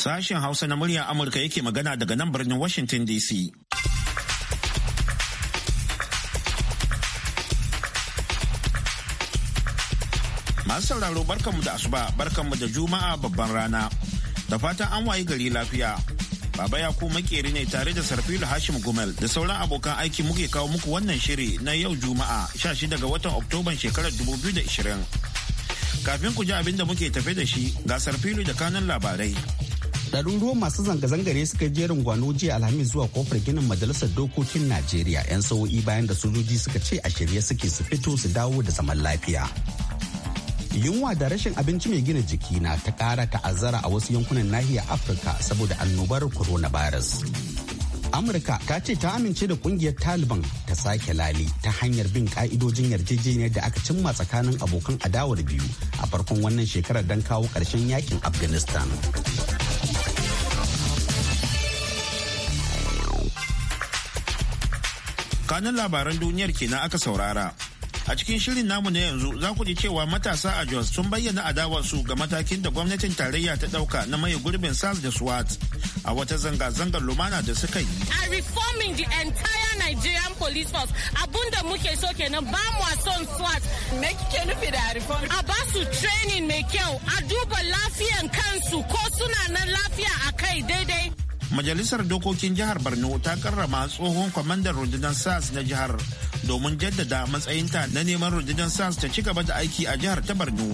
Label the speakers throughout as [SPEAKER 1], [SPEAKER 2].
[SPEAKER 1] Sashen Hausa na murya Amurka yake magana daga nan birnin Washington DC. Masu sauraro barkanmu da asuba barkanmu da juma'a babban rana. Da fatan an wayi gari lafiya. Baba ya ku makeri ne tare da Sarfilu Hashim Gumel da sauran abokan aiki muke kawo muku wannan shiri na yau Juma'a 16 ga watan Oktoban shekarar 2020. Kafin ku ji abin da muke tafe da shi ga Sarfilu da kanan
[SPEAKER 2] labarai. ɗaruruwan masu zanga-zanga ne suka jerin gwano jiya alhamis zuwa kofar ginin majalisar dokokin najeriya 'yan sa'o'i bayan da sojoji suka ce a shirye suke su fito su dawo da zaman lafiya yunwa da rashin abinci mai gina jiki na ta ƙara ta'azzara a wasu yankunan nahiyar afirka saboda annobar coronavirus amurka ta ce ta amince da kungiyar taliban ta sake lali ta hanyar bin ka'idojin yarjejeniyar da aka cimma tsakanin abokan adawar biyu a farkon wannan shekarar don kawo ƙarshen yakin afghanistan
[SPEAKER 1] kanin labaran duniyar kenan aka saurara a cikin shirin namu na yanzu za ku ji cewa matasa a jos sun bayyana su ga matakin da gwamnatin tarayya ta dauka na maye gurbin sars da swat a wata zanga-zangar lumana da suka yi
[SPEAKER 3] a reforming the entire nigerian police force da muke so kenan ba mu a son swat me kike nufi da reform a ba su training mai kyau a duba lafiyan kansu ko suna nan lafiya a kai daidai
[SPEAKER 1] Majalisar Dokokin Jihar Borno ta karrama tsohon kwamandan rundunar SARS na jihar domin jaddada matsayinta na neman rundunar SARS
[SPEAKER 4] ta ci gaba da aiki a jihar ta Borno.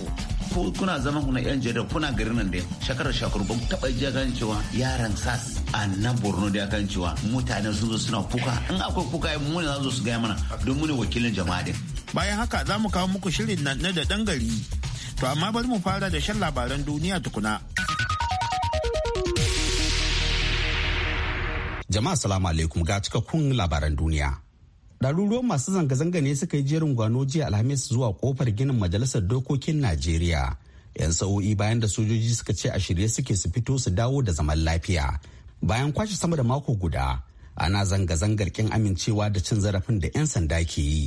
[SPEAKER 4] kuna zama kuna yan jarida kuna garin nan da shakarar shakar ban taba ji kan cewa yaran sas a nan borno da kan cewa mutane sun zo suna kuka in akwai kuka yi mu ne za su gaya mana don mu ne wakilin jama'a din
[SPEAKER 1] bayan haka za mu kawo muku shirin nan na da dangari to amma bari mu fara da shan labaran duniya tukuna
[SPEAKER 2] Jama'a salamu alaikum ga cikakkun labaran duniya. Ɗaruruwan masu zanga-zanga ne suka yi jerin gwano jiya Alhamis zuwa kofar ginin Majalisar Dokokin Najeriya. 'Yan sa'o'i bayan da sojoji suka ce a shirye suke su fito su dawo da zaman lafiya. Bayan kwashe sama da mako guda, ana zanga-zangar kin amincewa da cin zarafin da 'yan sanda ke yi.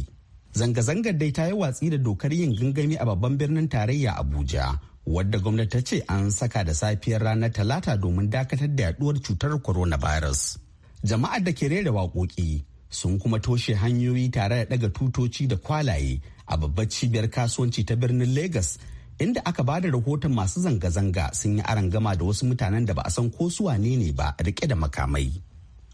[SPEAKER 2] Zanga-zangar dai ta yi watsi da dokar yin gangami a babban birnin tarayya Abuja, wadda gwamnati ta ce an saka da safiyar ranar Talata domin dakatar da yaduwar cutar coronavirus. jama'ar da ke rera waƙoƙi sun kuma toshe hanyoyi tare da daga tutoci da kwalaye a babbar cibiyar kasuwanci ta birnin Legas inda aka ba da rahoton masu zanga-zanga sun yi gama da wasu mutanen da ba a san ko su wane ne ba rike da makamai.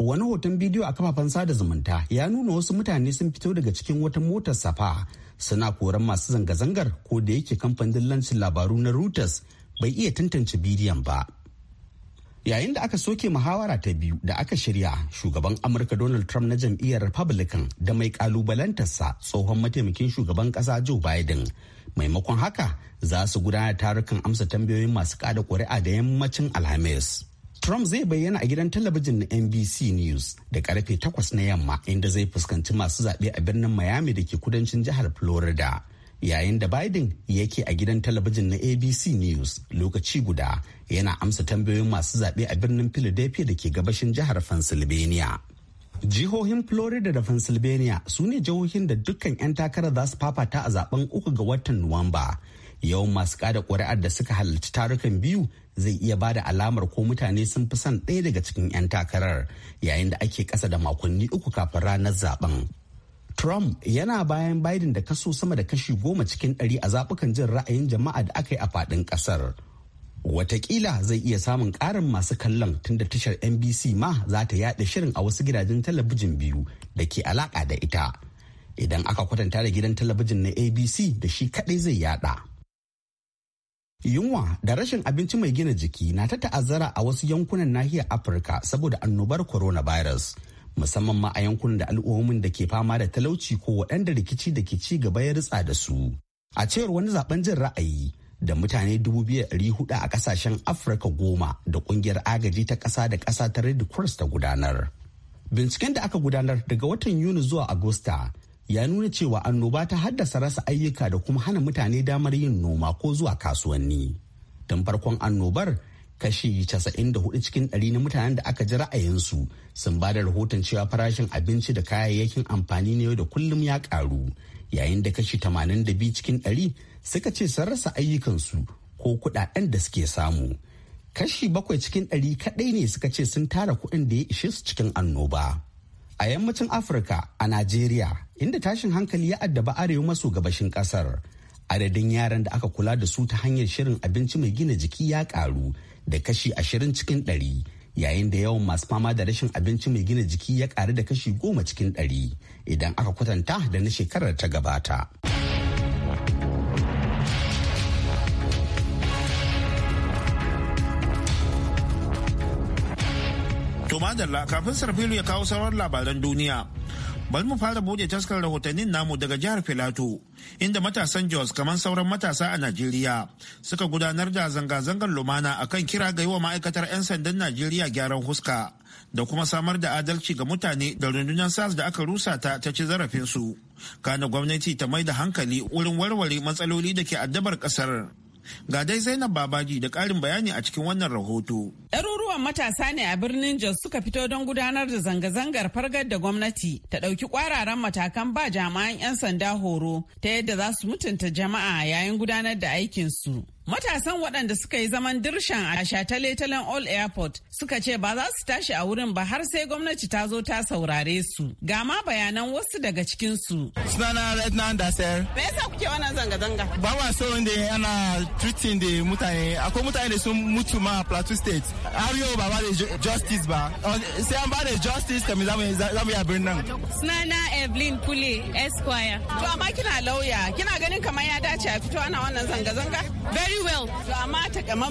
[SPEAKER 2] Wani hoton bidiyo a kafafen sada zumunta ya nuna wasu mutane sun fito daga cikin wata motar safa suna koran masu zanga-zangar ko da yake kamfanin lancin labaru na Reuters bai iya tantance bidiyon ba. yayin da aka soke muhawara ta biyu da aka shirya shugaban amurka donald trump na jam'iyyar republican da mai kalubalantarsa tsohon mataimakin shugaban kasa joe biden maimakon haka za su gudanar tarukan amsa tambayoyin masu kada kuri'a da yammacin alhamis Trump zai bayyana a gidan talabijin na NBC News da karfe 8 na yamma inda zai fuskanci masu zaɓe a birnin Miami da ke kudancin jihar Florida. yayin da Biden yake a gidan talabijin na ABC News lokaci guda yana amsa tambayoyin masu zaɓe a birnin Philadelphia da ke gabashin jihar Pennsylvania. Jihohin Florida da Pennsylvania su ne jihohin da dukkan 'yan takarar za su fafata a zaben uku ga watan Nuwamba. Yawan masu kada ƙuri'ar da suka halarci tarukan biyu zai iya bada alamar ko mutane sun fi son ɗaya daga cikin 'yan takarar yayin da ake ƙasa da makonni uku kafin ranar zaben. Trump yana bayan Biden da kaso sama da kashi goma cikin ɗari a zaɓukan jin ra'ayin jama'a da aka yi a faɗin ƙasar. Wataƙila zai iya samun ƙarin masu kallon tunda tashar NBC ma za ta yaɗa shirin a wasu gidajen talabijin biyu da ke alaƙa da ita. Idan aka kwatanta da gidan talabijin na ABC da shi kaɗai zai yaɗa. Yunwa da rashin abinci mai gina jiki na ta ta'azzara a wasu yankunan nahiyar Afirka saboda annobar coronavirus musamman ma a yankunan da al'ummomin da ke fama da talauci ko waɗanda rikici da ke ci gaba ya ritsa da su a cewar wani zaben jin ra'ayi da mutane dubu 2,400 a kasashen afirka goma da kungiyar agaji ta ƙasa da ƙasa ta red cross ta gudanar binciken da aka gudanar daga watan yuni zuwa agusta ya nuna cewa annoba ta haddasa rasa ayyuka da kuma hana mutane damar yin noma ko zuwa kasuwanni tun farkon annobar kashi 94 cikin ɗari na mutanen da aka ji ra'ayinsu sun ba da rahoton cewa farashin abinci da kayayyakin amfani na yau da kullum ya ƙaru. yayin da kashi 82 cikin ɗari suka ce sun rasa ayyukansu ko kuɗaɗen da suke samu kashi bakwai cikin ɗari kaɗai ne suka ce sun tara kuɗin da ya ishe su cikin annoba a yammacin afirka a najeriya inda tashin hankali ya addaba arewa maso gabashin kasar. adadin yaran da aka kula da su ta hanyar shirin abinci mai gina jiki ya ƙaru da kashi ashirin cikin ɗari yayin da yawan masu fama da rashin abinci mai gina jiki ya ƙaru da kashi goma cikin ɗari idan aka kwatanta da na shekarar ta gabata.
[SPEAKER 1] To madalla kafin sarfilu ya kawo sauran labaran duniya Bari mu fara bude taskar rahotannin namu daga jihar Filato, inda matasan Jos kamar sauran matasa a Najeriya suka gudanar da zanga-zangar lumana akan kira ga yi wa ma'aikatar 'yan sandan Najeriya gyaran huska da kuma samar da adalci ga mutane da rundunar SARS da aka rusa ta ta ci zarafinsu. Kana gwamnati ta mai da hankali wurin warware matsaloli da ke addabar kasar. Ga dai Zainab Babaji da karin bayani a cikin wannan rahoto.
[SPEAKER 3] yawan matasa ne a birnin Jos suka fito don gudanar da zanga-zangar fargar da gwamnati ta ɗauki kwararen matakan ba jama'an 'yan sanda horo ta yadda za su mutunta jama'a yayin gudanar da aikinsu. Matasan waɗanda suka yi zaman dirshan a shataletalen All Airport suka ce ba za su tashi a wurin ba har sai gwamnati ta zo ta saurare su. Ga ma bayanan wasu daga cikinsu. Sunana Redna Andasar. Me yasa kuke wannan zanga-zanga? Ba wa so ana treating da mutane. Akwai mutane da sun mutu ma
[SPEAKER 5] Plateau
[SPEAKER 4] State. Har yau ba ba da justice ba sai an ba da justice kami zamu yi
[SPEAKER 3] abin nan sunana evelyn kule esquire to amma kina lauya kina ganin kamar ya dace a fito ana wannan zanga-zanga very well to amma ta kamar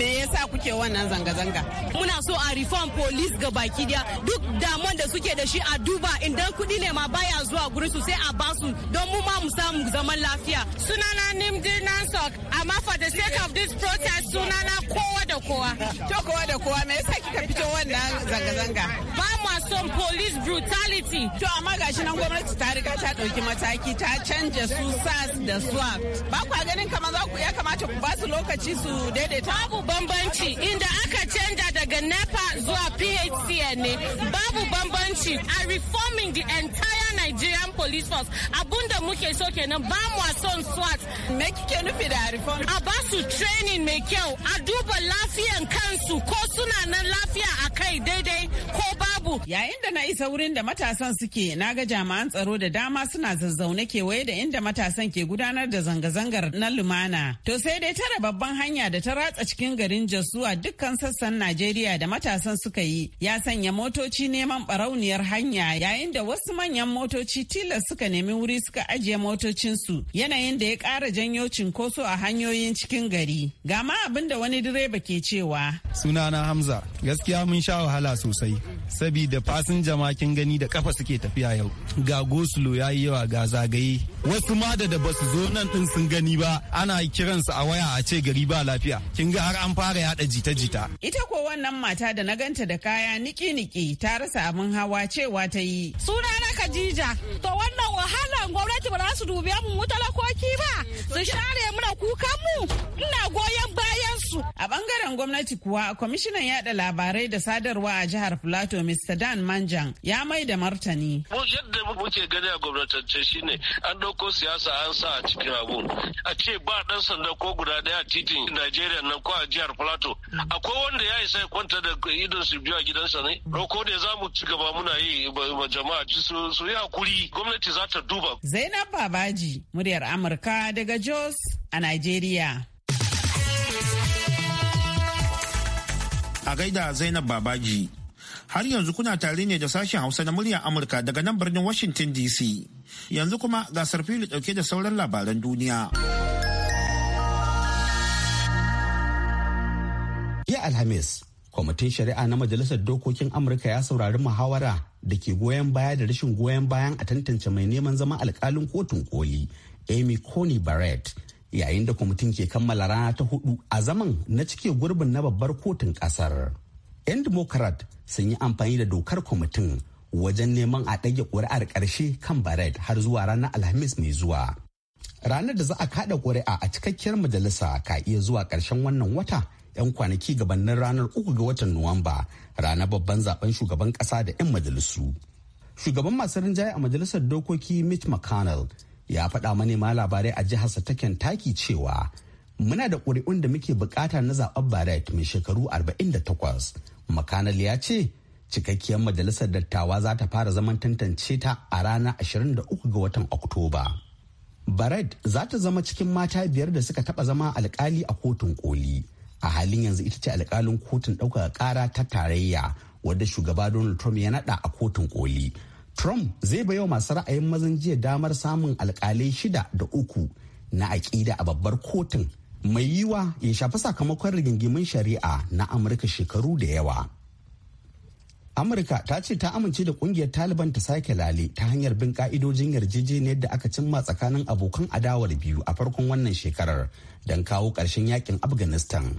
[SPEAKER 3] me yasa kuke wannan zanga-zanga muna so a reform police ga baki daya duk damuwan da suke da shi a duba idan kuɗi ne ma baya zuwa gurin su sai a ba su don mu ma mu samu zaman lafiya sunana nimdi nansok amma for the sake of this protest sunana kowa da kowa to kowa da kowa Wa me yasa kika fito wannan zanga-zanga ba ma son police brutality to amma gashi nan gwamnati ta riga ta dauki mataki ta canja su sas da swap ba kwa ganin kamar za ku ya kamata ku ba su lokaci su daidaita babu bambanci inda aka canja daga nepa zuwa phcn ne babu bambanci a reforming the entire nigerian police force abunda muke so kenan ba mu son swat me kike nufi da reform a ba su training mai kyau a duba lafiyan kansu ko su suna nan lafiya a kai daidai ko babu. Yayin da na isa wurin da matasan suke na ga jami'an tsaro da dama suna zazzaune kewaye da inda matasan ke gudanar da zanga-zangar na lumana. To sai dai tara babban hanya da ta ratsa cikin garin Jos dukkan sassan Najeriya da matasan suka yi ya sanya motoci neman barauniyar hanya yayin da wasu manyan motoci tilas suka nemi wuri suka ajiye motocinsu yanayin da ya ƙara janyo cinkoso a hanyoyin cikin gari. Ga ma abin da wani direba ke cewa.
[SPEAKER 2] Sunana hamza gaskiya mun sha wahala sosai sabida fasinja ma kin gani da kafa suke tafiya yau ga goslo yayi yawa ga zagaye wasu ma da ba su zo nan din sun gani ba ana kiran kiransu a waya a ce gari ba lafiya kin ga har an fara yada jita-jita
[SPEAKER 3] ita ko wannan mata da na ganta da kaya niki-niki ta rasa abin hawa cewa ta yi suna na Khadija to wannan wahalan gwamnati ba za su dube mu mu talakoki ba su share muna kukan mu ina goyon bayan su a bangaren gwamnati kuwa kwamishinan yada labarai da sadarwa a jihar Plateau Mr Dan Manjan ya mai da martani
[SPEAKER 4] yadda muke gani a gwamnatance shine an ko siyasa an sa a cikin abun a ce ba ɗan sanda ko guda ɗaya a titin Najeriya nan ko a jihar Plateau akwai wanda ya isa ya kwanta da idon su biyu a gidansa ne roko da za mu ci gaba muna yi ba jama'a su yi hakuri gwamnati za ta duba.
[SPEAKER 3] Zainab Babaji muryar Amurka daga Jos a Najeriya.
[SPEAKER 1] A gaida Zainab Babaji har yanzu kuna tare ne da sashen hausa na muryar amurka daga nan birnin washington dc yanzu kuma gasar fili dauke da sauran labaran duniya
[SPEAKER 2] jiya alhamis kwamitin shari'a na majalisar dokokin amurka ya saurari muhawara da ke goyon baya da rashin goyon bayan a tantance mai neman zama alkalin kotun koli amy coney barrett yayin da kwamitin ke kammala rana ta hudu a zaman na cike gurbin na babbar kotun kasar 'yan democrat sun yi amfani da dokar kwamitin wajen neman a ɗage ƙuri'ar ƙarshe kan barrett har zuwa ranar alhamis mai zuwa ranar da za a kada ƙuri'a a cikakkiyar majalisa ka iya zuwa ƙarshen wannan wata 'yan kwanaki gabanin ranar uku ga watan nuwamba ranar babban zaben shugaban ƙasa da 'yan majalisu shugaban masu rinjaye a majalisar dokoki mitch mcconnell ya faɗa manema labarai a sa ta kentucky cewa muna da ƙuri'un da muke bukata na zaɓen bara mai shekaru 48 makanal ya ce cikakkiyar majalisar dattawa za ta fara zaman tantance ta a ranar 23 ga watan oktoba barrett za ta zama cikin mata biyar da suka taba zama alkali a kotun koli a halin yanzu ita ce alkalin kotun ɗaukaka ƙara ta tarayya wadda shugaba donald trump ya naɗa a kotun koli Trump zai bayo masu ra'ayin mazan jiya damar samun alkalai shida da uku na aƙida a babbar kotun mai yiwa ya shafi sakamakon rigingimin shari'a na amurka shekaru da yawa amurka ta ce ta amince da kungiyar taliban ta sake lale ta hanyar bin ka'idojin yarjejeniyar da aka cimma tsakanin abokan adawar biyu a farkon wannan shekarar don kawo ƙarshen yakin afghanistan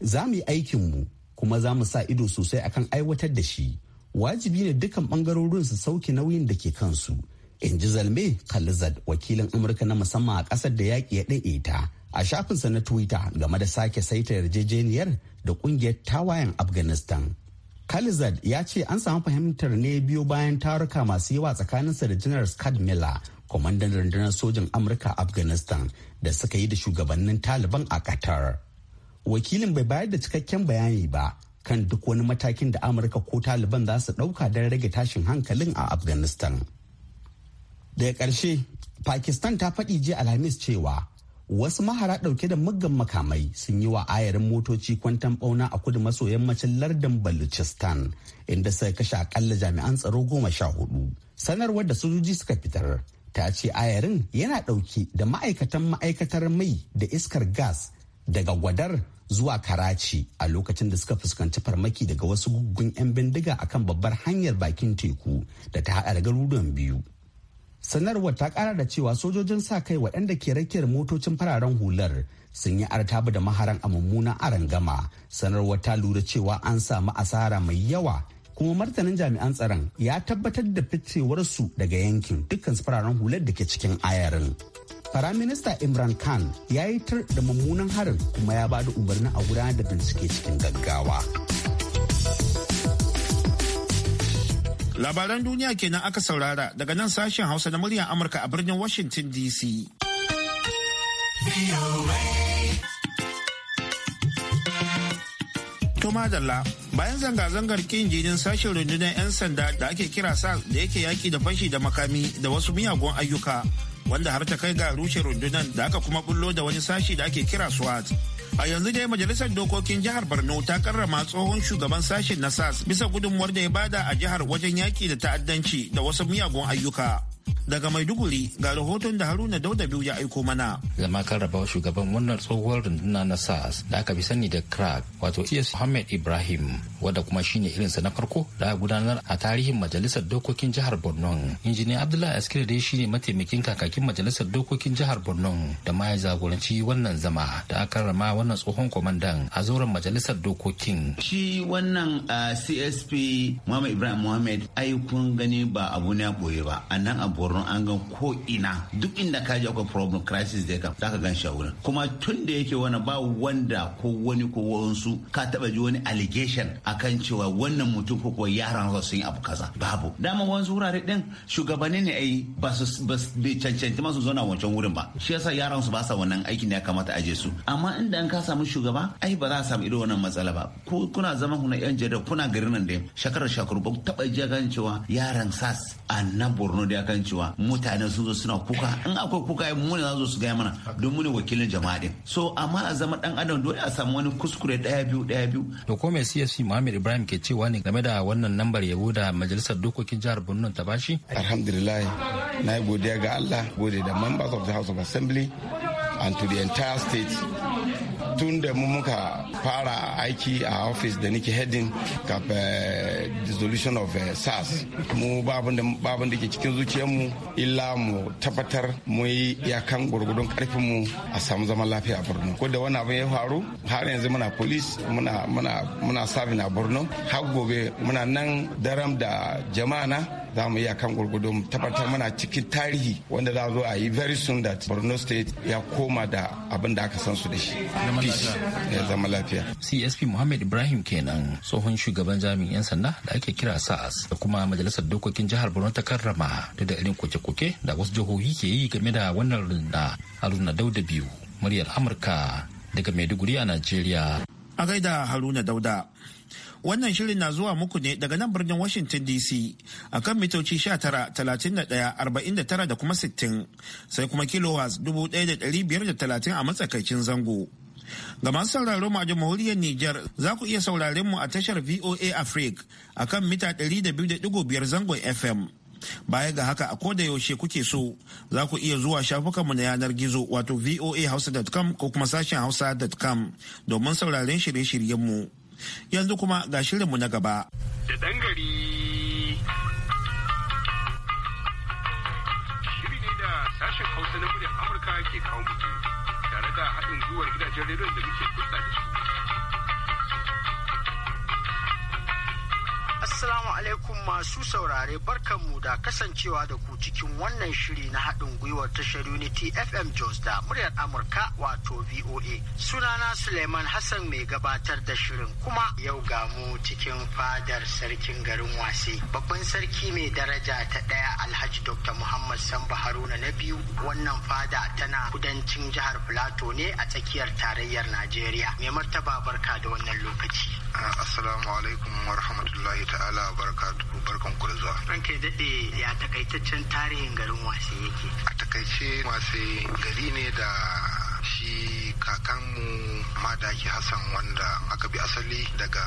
[SPEAKER 2] za mu yi aikinmu kuma za mu sa ido sosai akan aiwatar da shi wajibi ne dukkan bangarorin su sauke nauyin da ke kansu in ji zalme khalizad wakilin amurka na musamman a ƙasar da yaƙi ya ɗaiɗe ta a shafinsa na twitter game da sake saita yarjejeniyar da kungiyar tawayen afghanistan khalizad ya ce an samu fahimtar ne biyu bayan taruka masu yawa tsakaninsa da janar scott miller kwamandan rundunar sojin amurka afghanistan da suka yi da shugabannin taliban a qatar wakilin bai bayar da cikakken bayani ba kan duk wani matakin da amurka ko taliban za su dauka don rage tashin hankalin a afghanistan daga karshe pakistan ta faɗi jiya alhamis cewa wasu mahara ɗauke da muggan makamai sun yi wa ayarin motoci kwantan bauna a kudu maso yammacin lardin baluchistan inda suka kashe akalla jami'an tsaro goma sha hudu sanarwar da sojoji suka fitar ta ce ayarin yana ɗauke da ma'aikatan ma'aikatar mai da iskar gas daga gwadar zuwa karachi a lokacin da suka fuskanci farmaki daga wasu guggun 'yan bindiga akan babbar hanyar bakin teku da ta haɗa da garuruwan biyu sanarwar ta kara da cewa sojojin sa kai waɗanda ke rakiyar motocin fararen hular sun yi artabu da maharan a mummunan gama sanarwar ta lura cewa an samu asara mai yawa kuma martanin jami'an tsaron ya tabbatar da ficewarsu daga yankin dukkan fararen hular da ke cikin ayarin Firaminista Imran Khan ya yi tar da mummunan harin kuma ya bada umarni a gudanar da bincike cikin gaggawa. Labaran duniya kenan
[SPEAKER 1] aka saurara daga nan sashen Hausa na muryar Amurka a birnin Washington DC. To madalla bayan zanga-zangar kin jinin sashen rundunar 'yan sanda da ake kira sa da yake yaki da fashi da makami da wasu miyagun ayyuka wanda har ta kai ga rushe rundunar da aka kuma bullo da wani sashi da ake kira SWAT. A yanzu dai majalisar dokokin jihar Borno ta karrama tsohon shugaban sashen na SAS bisa gudunmuwar da ya bada a jihar wajen yaki da ta'addanci da wasu miyagun ayyuka. daga maiduguri ga rahoton da haruna dauda biyu ya aiko mana
[SPEAKER 2] zama kan rabawa shugaban wannan tsohuwar runduna na sas da aka fi sani da crack wato e s muhammad ibrahim wadda kuma shine irinsa na farko da aka gudanar a tarihin majalisar dokokin jihar borno injiniya abdullahi askira dai shine mataimakin kakakin majalisar dokokin jihar borno da ma ya jagoranci wannan zama da aka rama wannan tsohon kwamandan a zauren majalisar dokokin
[SPEAKER 4] shi wannan uh, csp muhammad ibrahim muhammad ai kun gani ba abu ne boye ba a nan borno an gan ko ina duk inda ka je akwai problem crisis da ka zaka gan shawara kuma tun da yake wani ba wanda ko wani ko wasu ka taba ji wani allegation kan cewa wannan mutum ko ko yaran sa sun yi abu kaza babu dama wasu wurare din shugabanni ne ai ba su bai cancanci masu zauna wancan wurin ba shi yasa yaran su ba sa wannan aikin da ya kamata aje su amma inda an ka samu shugaba ai ba za a samu irin wannan matsala ba ko kuna zama kuna yan jarida kuna garin nan da shakarar shakaru ba taba ji cewa yaran sas a na borno da kan cewa mutane sun zo suna kuka in akwai kuka mu ne za zo su gaya mana don mu wakilin jama'a din so amma a zama dan adam dole a samu wani kuskure daya biyu daya biyu to ko
[SPEAKER 6] mai CSC Muhammad Ibrahim ke cewa ne game da wannan lambar yabo da majalisar dokokin jihar Borno ta bashi alhamdulillah na godiya ga Allah gode da members of the House of Assembly and to the entire state tun da mu muka fara aiki a office da nake heading kaf eh, dissolution of eh, sars mu babin da ke cikin zuciyarmu illa mu tabbatar mu yi iyakan gwargwadon mu a samu zaman lafiya a borno ko da wani abu ya faru har yanzu muna police muna muna muna sabin a borno har gobe muna nan daram da jama'a za mu yi kan gwargwado mu tabbatar muna cikin tarihi wanda za zo a yi very soon that borno state ya koma da abin da aka san su da shi ya zama lafiya csp muhammad ibrahim
[SPEAKER 2] kenan tsohon shugaban jami'in 'yan sanda da ake kira sas da kuma majalisar dokokin jihar borno ta karrama da da irin koke-koke da wasu jihohi ke yi game da wannan runda haruna dauda biyu muryar amurka daga maiduguri a najeriya a gaida haruna dauda
[SPEAKER 1] Wannan shirin na zuwa muku ne daga nan birnin Washington DC a kan mitoci 19,31,49 da kuma 60 sai kuma kilowatts 1,530 a matsakaicin zango. Ga masu sauraro mu a jamhuriyar Nijar za ku iya sauraren mu a tashar VOA Africa a kan mita 200.5 zangon FM. Baya ga haka a koda yaushe kuke so za ku iya zuwa shafukanmu na yanar gizo wato voahausa.com ko kuma sashen hausa.com domin sauraren shirye-shiryenmu. mu. Yanzu kuma ga shirinmu na gaba.
[SPEAKER 3] Da ɗan gari.
[SPEAKER 6] Shiri ne da sashen Hausa na muryar Amurka ke kawo mutu tare da haɗin gwiwar gidajen rediyon da muke kusa da su.
[SPEAKER 7] Assalamu alaikum masu saurare barkanmu da kasancewa da ku cikin wannan shiri na haɗin gwiwar tashar Unity FM Jos da muryar Amurka wato VOA. Sunana Suleiman Hassan mai gabatar da shirin kuma yau ga mu cikin fadar sarkin garin wasi. Babban sarki mai daraja ta ɗaya Alhaji Dr. Muhammad Samba Haruna na biyu wannan fada tana kudancin jihar Filato ne a tsakiyar tarayyar Najeriya. Mai martaba barka da wannan lokaci.
[SPEAKER 5] Assalamu alaikum wa rahmatullahi ta'ala wa barakatuhu barkan ku da zuwa. daɗe ya takaitaccen tarihin garin wasi yake. A takaice wasi gari ne da shi kakanmu madaki Hassan wanda aka bi asali daga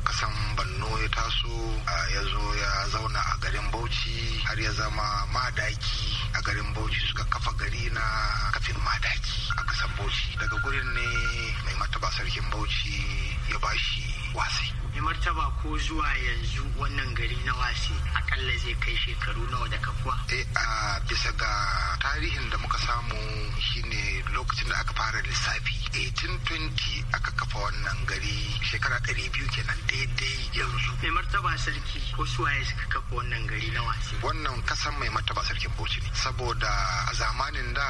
[SPEAKER 5] kasan banno ya taso ya zo ya zauna a garin Bauchi har ya zama madaki a garin Bauchi suka kafa gari na kafin madaki a kasan Bauchi daga gurin ne mai mataba sarkin Bauchi ya shi
[SPEAKER 7] wasi. ya martaba ko zuwa yanzu wannan gari na wasi akalla zai kai shekaru nawa da kafuwa eh a bisa ga tarihin da muka samu shine
[SPEAKER 5] lokacin da aka fara lissafi 1820 aka kafa wannan gari shekara 200 kenan daidai yanzu mai martaba sarki ko ya suka kafa wannan gari na wasi wannan kasan mai martaba sarkin bauchi ne saboda a zamanin da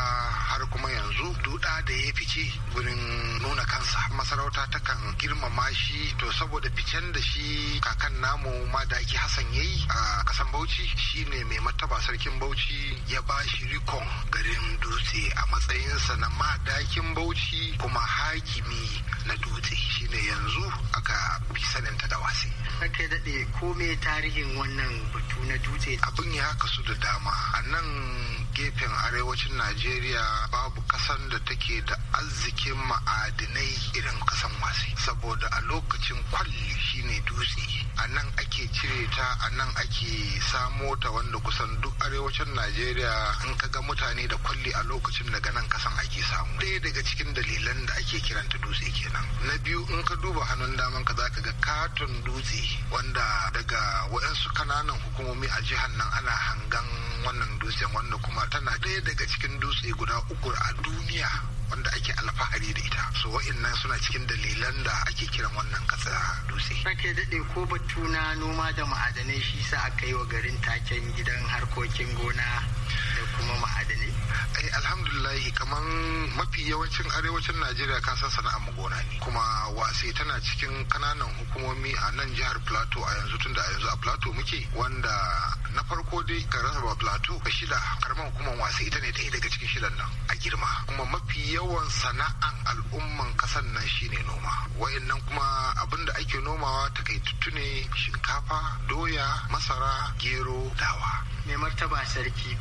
[SPEAKER 5] har kuma yanzu duda da ya fice gurin nuna kansa masarauta takan girmama shi to saboda fice can da shi kakan namu ma da ake hassan ya yi a kasan bauchi shine mai mataba sarkin bauchi ya ba shi rikon garin dutse a matsayinsa na madakin bauchi kuma hakimi na dutse shine yanzu aka fi saninta da wasi kai daɗe ko tarihin wannan batu na dutse abin ya kasu da dama a nan gefen arewacin najeriya babu kasan da take da arzikin ma'adinai irin kasan wasi saboda a lokacin kwalli shine dutse a nan ake cire ta a nan ake samo ta wanda kusan duk arewacin najeriya in ka ga mutane da kwalli a lokacin daga nan kasan ake samu ɗaya daga cikin dalilan da ake kiranta dutse kenan na biyu in ka duba hannun daman ka zaka ga katon dutse wanda daga waɗansu kananan hukumomi a jihar nan ana hangan wannan dutse wanda kuma tana ɗaya daga cikin dutse guda uku a duniya wanda ake alfahari da ita so wa'annan suna cikin dalilan da ake kiran wannan kasa
[SPEAKER 7] dutse ake daɗe ko batu na noma da ma'adanai shi sa aka yi wa garin taken gidan harkokin gona da kuma ma'adanai ai eh, alhamdulillahi kamar
[SPEAKER 5] mafi yawancin arewacin najeriya kasan sana'ar mu gona ne kuma wase tana cikin kananan hukumomi a nan jihar plateau a yanzu tun da a yanzu a plateau muke wanda na farko dai rasa ba plateau a shida karamar hukumar wase ita ne ta daga cikin shidan nan a girma kuma mafi yawan sana'an al'umman kasan nan shine noma nan kuma abin da ake
[SPEAKER 7] nomawa takaitattu ne shinkafa doya masara gero dawa mai martaba sarki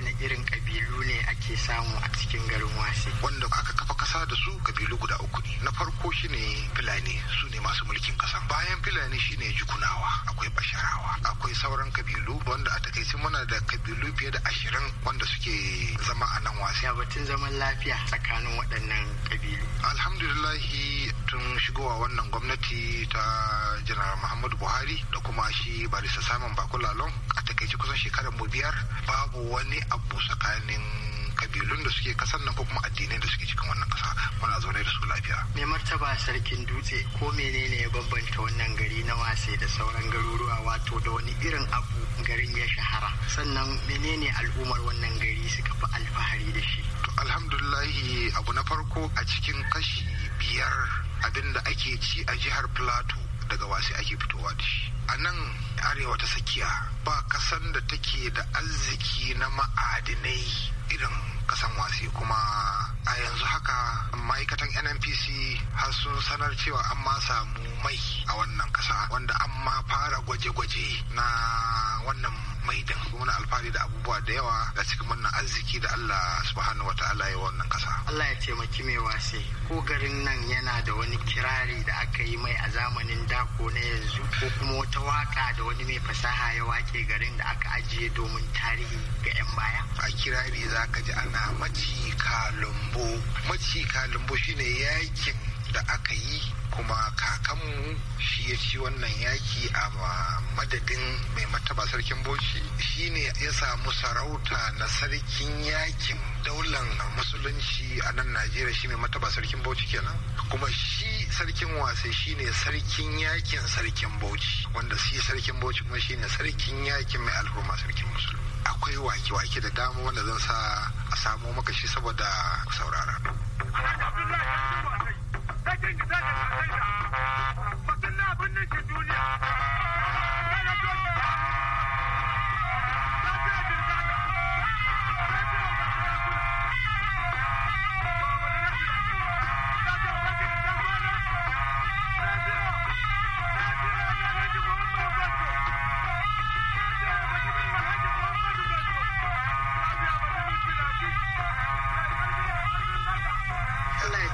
[SPEAKER 7] ina irin kabilu ne ake samu a cikin garin wasi wanda
[SPEAKER 5] aka kafa kasa da su kabilu guda uku ne na farko shine fulani su ne masu mulkin kasa bayan fulani shine jukunawa akwai basharawa akwai sauran kabilu wanda a takaice muna da kabilu fiye da ashirin wanda suke zama a nan wasi
[SPEAKER 7] batun zaman lafiya tsakanin waɗannan
[SPEAKER 5] kabilu alhamdulillahi tun shigowa wannan gwamnati ta janar muhammadu buhari da kuma shi barista samun bakulalon a takaice kusan shekarar mu biyar babu wani abu tsakanin kabilun da suke kasan nan ko kuma addinai da suke
[SPEAKER 7] cikin wannan kasa muna zaune da su lafiya. Me martaba sarkin dutse ko menene ya bambanta wannan gari na wase da sauran garuruwa wato da wani irin abu garin ya shahara sannan menene al'ummar wannan gari suka fi alfahari da shi. To alhamdulillahi
[SPEAKER 5] abu na farko a cikin kashi biyar abin da ake ci a jihar plateau daga wasi ake fitowa da shi a nan arewa ta tsakiya ba kasan da take da arziki na ma'adinai irin kasan wasi kuma a yanzu haka ma'aikatan nnpc har sun sanar cewa an ma samu mai a wannan kasa wanda an ma fara gwaje-gwaje na wannan mai da muna alfahari da abubuwa da yawa da cikin wannan arziki da Allah subhanahu wa ta'ala ya wannan kasa
[SPEAKER 7] Allah ya taimaki mai wase ko garin nan yana da wani kirari da aka yi mai a zamanin dako na yanzu ko kuma wata waka da wani mai fasaha ya wake garin da aka ajiye domin tarihi ga 'yan baya a kirari za ka ji ana macika lumbo.
[SPEAKER 5] macika lumbo shine yakin da aka yi kuma kakanmu ya ci wannan yaki a madadin mai mataba sarkin boci shine ya samu sarauta na sarkin yakin daular musulunci a nan najeriya shi mai mataba sarkin bauchi kenan kuma shi sarkin wasai shine sarkin yakin sarkin bauchi wanda shi sarkin bauchi kuma shine sarkin yakin mai alhurma sarkin musulun akwai wake-wake da dama wanda zan sa a samo maka shi saboda saurara.
[SPEAKER 4] Thank you.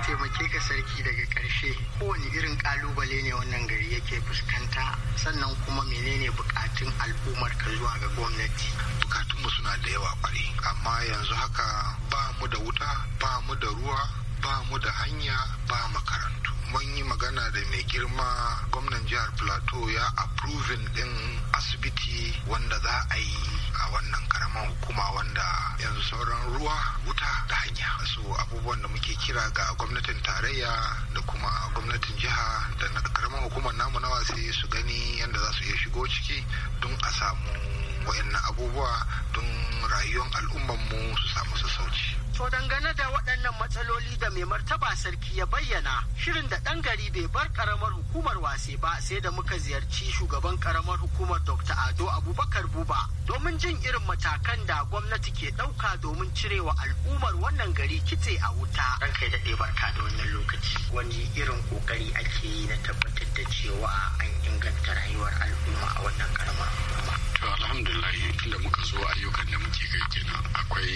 [SPEAKER 7] taimake ka sarki daga ƙarshe kowane irin ƙalubale ne wannan gari yake fuskanta sannan kuma menene bukatun al'ummar ka zuwa ga gwamnati
[SPEAKER 5] bukatun mu suna da yawa ƙwari amma yanzu haka ba mu da wuta ba mu da ruwa ba mu da hanya ba makarantu mun yi magana da mai girma gwamnan jihar plateau ya approving din asibiti wanda za a yi a wannan karaman hukuma wanda yanzu sauran ruwa wuta da hanya su abubuwan da muke kira ga gwamnatin tarayya da kuma gwamnatin jiha da na hukumar namu na wasu su gani yadda za su iya shigo ciki don a samu waɗannan abubuwa
[SPEAKER 7] don rayuwar al'ummanmu su samu sassauci. To dangane da waɗannan matsaloli da mai martaba sarki ya bayyana shirin da ɗan gari bai bar ƙaramar hukumar wase ba sai da muka ziyarci shugaban ƙaramar hukumar Dr. Ado Abubakar Buba domin jin irin matakan da gwamnati ke ɗauka domin cirewa al'ummar wannan gari kitse a wuta. Ran kai daɗe barka da wannan lokaci wani irin ƙoƙari ake yi na tabbatar da cewa
[SPEAKER 6] an inganta rayuwar al'umma a wannan ƙaramar To alhamdulillah da muka zo ayyukan da muke kai kenan akwai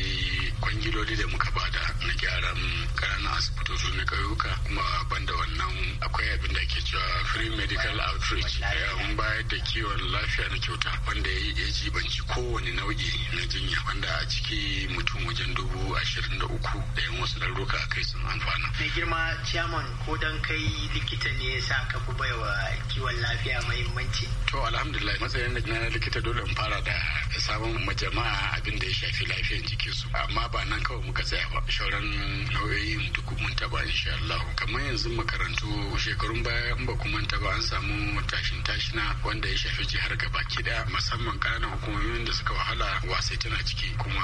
[SPEAKER 6] kwangiloli da muka bada na gyaran ƙananan asibitoci na ƙauyuka kuma banda wannan akwai abin da ke cewa free medical outreach eh, mun bayar da kiwon lafiya na kyauta wanda ya jibanci kowane nau'i na jinya wanda a ciki mutum wajen dubu ashirin da uku da yan wasu ɗaruruka a kai sun amfana.
[SPEAKER 7] Mai girma chairman ko dan kai likita ne ya sa ka fi baiwa kiwon
[SPEAKER 6] lafiya muhimmanci. To alhamdulillah matsayin da na likita dole mu fara da sabon ma jama'a abin da ya shafi lafiyar jikinsu amma ba nan kawai muka tsaya ba shauran nau'o'in duk mun taba insha Allah kamar yanzu makarantu shekarun baya in ba kuma taba an samu tashin tashina wanda ya shafi jihar gaba kida musamman kananan hukumomin da suka wahala wasai tana ciki kuma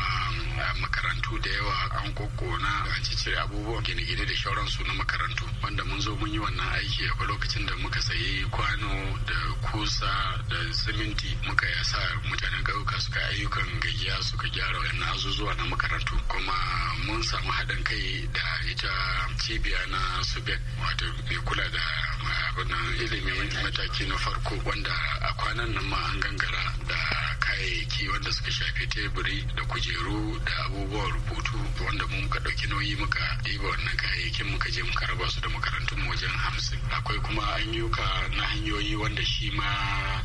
[SPEAKER 6] makarantu da yawa an kokona a cire abubuwan gine-gine da shauransu na makarantu wanda mun zo mun yi wannan aiki akwai lokacin da muka sayi kwano da kusa da siminti muka yasa sa mutanen ƙauyuka suka ayyukan gayya suka gyara wani azuzuwa na makarantu kuma mun samu haɗin kai da ita cibiya na subek wato mai kula da abin ilimin mataki na farko wanda a kwanan nan ma an gangara da kayayyaki wanda suka shafi teburi da kujeru da abubuwan rubutu wanda mun muka ɗauki nauyi muka ɗiba wannan kayayyakin muka je muka raba su da makarantun wajen hamsin akwai kuma ayyuka na hanyoyi wanda shi ma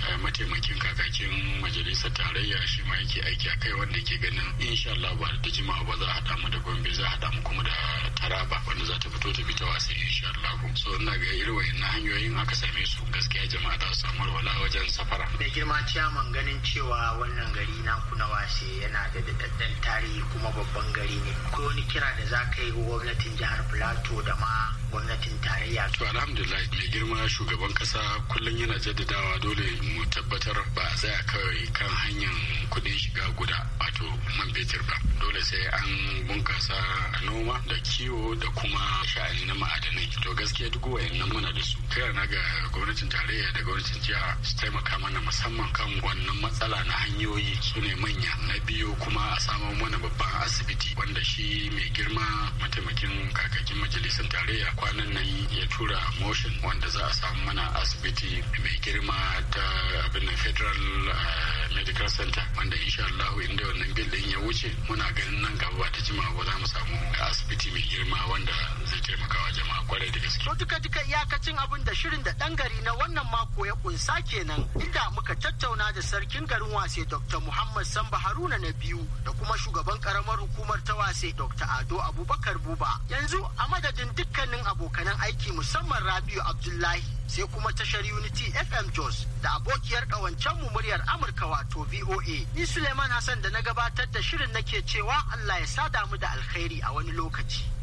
[SPEAKER 6] eh, mataimakin kakakin majalisar tarayya shi ma yake aiki a kai wanda ke ganin insha Allah ba da jima ba za a haɗa mu da Gombe za a haɗa mu kuma da Taraba wanda za ta fito ta bi ta wasa insha Allah so ina ga irin wayannan hanyoyin aka same su gaskiya jama'a ta su samu wajen safara
[SPEAKER 7] mai girma ciyaman ganin cewa wannan gari na kuna wase yana da daɗaɗɗen tarihi kuma babban gari ne akwai wani kira da za ka yi gwamnatin jihar plateau da ma gwamnatin tarayya. To alhamdulillah mai girma shugaban kasa
[SPEAKER 6] kullum yana jaddadawa dole mu tabbatar ba a tsaya kawai kan hanyar kuɗin shiga guda wato man fetur ba. Dole sai an bunkasa noma da kiwo da kuma sha'ani na ma'adanai. To gaskiya duk wayannan muna da su. Kira na ga gwamnatin tarayya da gwamnatin jiha su taimaka mana musamman kan wannan matsala na hanyar hanyoyi su ne manya na biyu kuma a samo mana babban asibiti wanda shi mai girma mataimakin kakakin majalisar tarayya kwanan nan ya tura motion wanda za a samu mana asibiti mai girma ta abin federal eh, medical center wanda insha Allah inda wannan bil ya wuce muna ganin nan gaba ta jima ba za mu samu asibiti girma wanda zai taimaka wa jama'a kwarai da gaske.
[SPEAKER 7] To duka duka iyakacin abin da shirin da ɗan gari na wannan mako ya kunsa kenan inda muka tattauna da sarkin garin wase Dr. Muhammad Samba Haruna na biyu da kuma shugaban karamar hukumar ta wase Dr. Ado Abubakar Buba. Yanzu a madadin dukkanin abokanan aiki musamman Rabiu Abdullahi sai kuma tashar Unity FM Jos da abokiyar mu muryar Amurka wato VOA. Ni Suleiman Hassan da na gabatar da shirin nake cewa Allah ya sada mu da alkhairi a wani lokaci.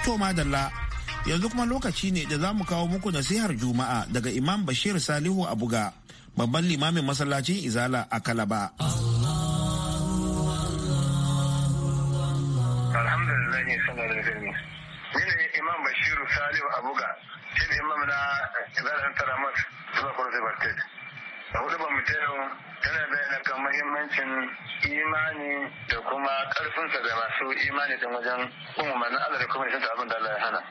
[SPEAKER 1] To madalla yanzu kuma lokaci ne da za mu kawo muku nasihar juma'a daga imam bashir salihu abuga babban limamin masallacin izala a kalaba alhamdulillah ne sanar da ni ne imam
[SPEAKER 8] bashiru salihu abuga shi imam na izala taramat zuwa zai bartet da hudu ba mu tana bayyana kan mahimmancin imani da kuma ƙarfinsa da masu imani don wajen umarnin Allah da kuma nisan abin da Allah ya hana.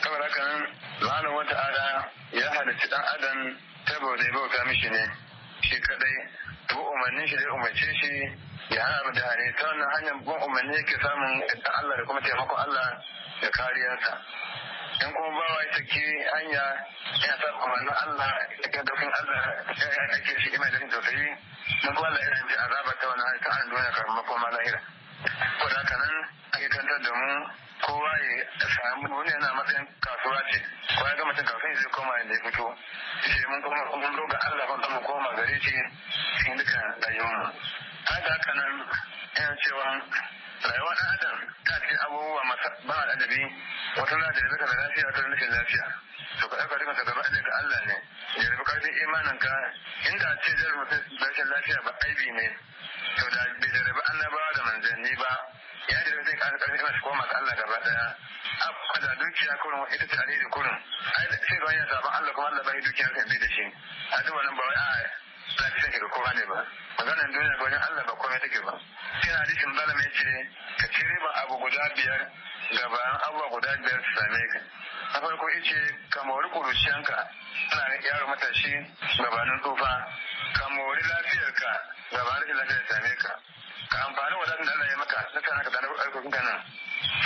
[SPEAKER 8] Kamar haka nan, ma'anar wata ada ya halicci ɗan adam ta bauta ya bauta mishi ne, shi kadai, bu umarnin shi da umarce shi ya hana abin da hane, ta wannan hanyar bin umarni yake samun Allah da kuma taimakon Allah da kariyarsa. in kuma ba wa ita ke hanya ya sa umarnin Allah ya dokin Allah ya ake shi ina da tausayi na kuma Allah ya ji azaba ta wani ta an duniya kafin makoma lahira ko da haka nan ake kantar da mu kowa ya samu wani yana matsayin kasuwa ce ko ya gama cin kafin zai koma inda ya fito sai mun kuma mun roga Allah ban mu koma gare shi cikin duka rayuwar mu haka haka nan yana cewa rayuwa ɗan adam ta cikin abubuwa masu ba al'adabi wata na da rubuta da lafiya wata rashin lafiya to ka ɗauka dukkan gaba ɗaya ga Allah ne ya rabu ƙarfin imanin ka inda a ce zai rubuta rashin lafiya ba aibi ne to da bai jarabi annabawa da manzanni ba ya da zai ƙasa ƙarfin imanin koma ga Allah gaba ɗaya a da dukiya kurin ita ce alheri kurin ai sai bayan saban Allah kuma Allah bai dukiya kan bi da shi a duk wannan ba wai a lafiya daga kowa ne ba maganar duniya ga wajen Allah ba komai take ba sai na hadisin zalama ya ce ka ci riba abu guda biyar gaban abuwa guda biyar su same ka na farko ice ka mori kuruciyanka ana yaro matashi gabanin tsufa ka mori lafiyarka gabanin lafiyar same ka ka amfani wadatar da Allah ya maka na sana ka tanar aikokin ka nan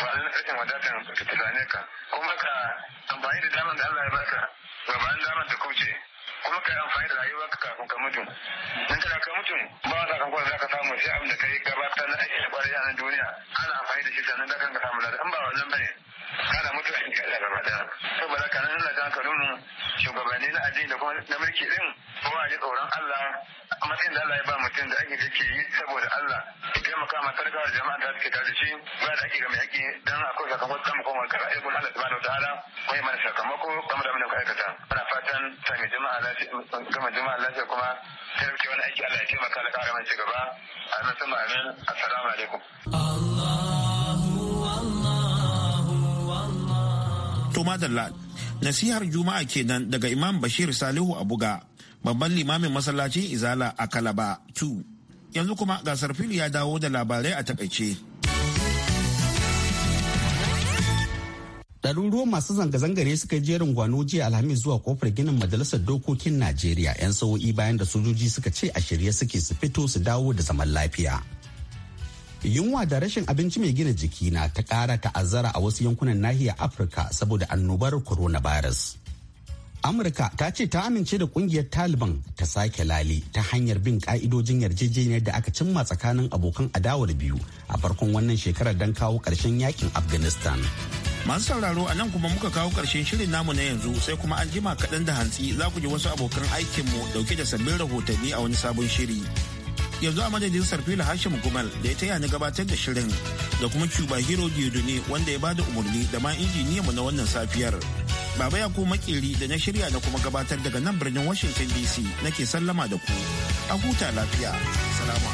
[SPEAKER 8] ba a rashin wadatar ka ta same ka kuma ka amfani da damar da Allah ya baka gabanin damar ta kuce kuma ka yi amfani da rayuwarka kafin ka mutu in kana ka mutu ba wata kankuwa za ka samu sai abin da ka yi gabatar na aiki da kwarai duniya ana amfani da shi sannan da kan ka samu lada in ba wannan bane kana mutuwa in lada shugabanni na addini da kuma na mulki din kowa ji tsoron Allah matsayin da Allah ya ba mutum da ake yake yi saboda Allah taimaka ma sarkawa jama'a da suke tare da shi ba da ake ga dan akwai sakamako da mu koma kara Allah subhanahu wataala ko sakamako kamar da mun ka aikata fatan sami jama'a lafiya gama jama'a lafiya kuma sarki wani aiki Allah ya taimaka da cigaba amin sama amin assalamu alaikum Allah
[SPEAKER 1] To madalla Nasihar Juma'a kenan daga Imam Bashir Salihu Abuga, babban limamin masallacin Izala a Kalaba 2. Yanzu kuma gasar fili ya dawo da labarai a takaice.
[SPEAKER 2] Ɗaruruwan masu zanga zangare ne suka jerin gwano jiya alhamis zuwa kofar ginin majalisar dokokin Najeriya 'yan sa'o'i bayan da sojoji suka ce a shirye suke su fito su dawo da zaman lafiya. yunwa da rashin abinci mai gina jiki na ta ƙara ta'azzara a wasu yankunan nahiyar afirka saboda annobar coronavirus amurka ta ce ta amince da kungiyar taliban ta sake lali ta hanyar bin ka'idojin yarjejeniyar da aka cimma tsakanin abokan adawar biyu a farkon wannan shekarar don kawo ƙarshen yakin afghanistan
[SPEAKER 1] masu sauraro a nan kuma muka kawo ƙarshen shirin namu na yanzu sai kuma an jima kaɗan da hantsi za ku ji wasu abokan aikinmu dauke da sabbin rahotanni a wani sabon shiri yanzu a madadin sarfila hashim gumal da ya taya ni gabatar da shirin da kuma cuba hero diodone wanda ya bada umarni da ma injiniyan mu na wannan safiyar baba ya kuma makeri da na shirya na kuma gabatar daga nan birnin washington dc nake sallama da ku a huta lafiya
[SPEAKER 5] salama